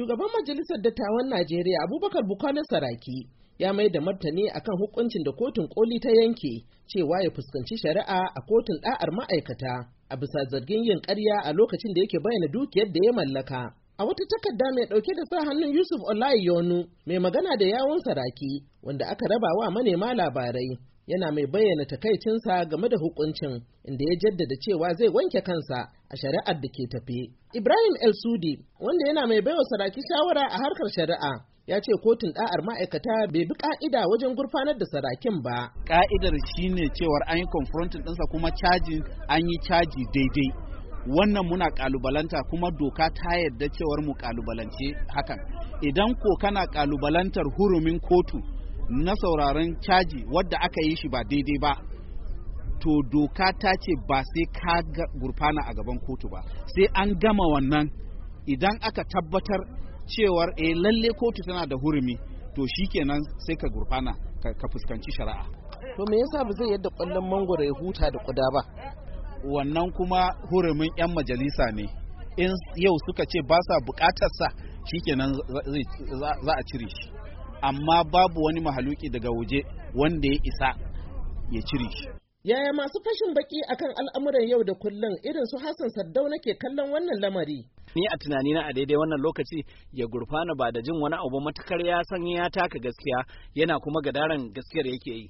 Shugaban Majalisar Dattawan Najeriya Abubakar bukana Saraki ya mai da martani akan hukuncin da kotun koli ta yanke cewa ya fuskanci shari'a a kotun da'ar ma'aikata a bisa zargin yin ƙarya a lokacin da yake bayyana dukiyar da ya mallaka. A wata takarda mai ɗauke da sa hannun Yusuf Olayonu mai magana da yawon saraki wanda aka rabawa manema labarai yana mai bayyana takaicinsa game da hukuncin inda ya jaddada cewa zai wanke kansa a shari'ar da ke tafe. Ibrahim El Sudi wanda yana mai baiwa saraki shawara a harkar shari'a ya ce kotun da'ar ma'aikata bai bi ka'ida wajen gurfanar da sarakin ba. Ka'idar shine cewar an yi confronting ɗinsa kuma caji an yi caji daidai. Wannan muna kalubalanta kuma doka ta yarda cewar mu kalubalance hakan. Idan ko kana kalubalantar hurumin kotu na sauraron caji wadda aka yi shi ba daidai ba to doka ta ce ba sai ka gurfana a gaban kotu ba sai an gama wannan idan aka tabbatar cewar eh lalle kotu tana da hurumi to shikenan sai ka gurfana ka fuskanci shari'a to me yasa ba zai yadda kwallon mangoro ya huta da kuda ba wannan kuma hurumin 'yan majalisa ne in yau suka ce ba sa bukatarsa shikenan za a cire shi amma babu wani mahaluki daga waje wanda ya isa ya cire shi yaya masu fashin baki akan al'amuran yau da kullum irin su hassan saddau nake kallon wannan lamari ni a tunani na a daidai wannan lokaci ya gurfana ba da jin wani abu matukar ya san ya taka gaskiya yana kuma gadaran gaskiyar yake yi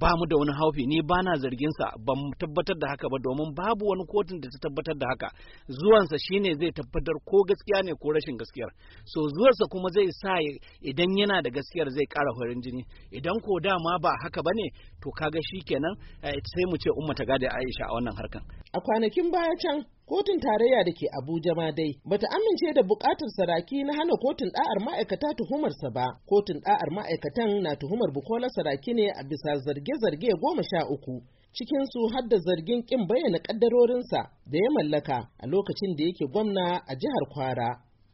ba mu da wani haufi ni ba na zargin sa ban tabbatar da haka ba domin babu wani kotun da ta tabbatar da haka zuwansa shine zai tabbatar ko gaskiya ne ko rashin gaskiyar so zuwarsa kuma zai sa idan yana da gaskiyar zai kara farin jini idan ko da ma ba haka bane to kaga shikenan eh, sai mu ce umma ta da Aisha a wannan harkan a kwanakin baya can Kotun tarayya da ke Abuja ma dai bata amince da buƙatar Saraki na hana kotun da'ar ma'aikata tuhumarsa ba. Kotun da'ar ma'aikatan na tuhumar Bukola Saraki ne a bisa zarge-zarge goma sha uku. cikin su har da zargin kin bayyana kaddarorinsa da ya mallaka a lokacin da yake gwamna a jihar Kwara.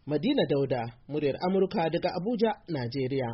Madina Dauda, muryar Amurka daga Abuja, Najeriya.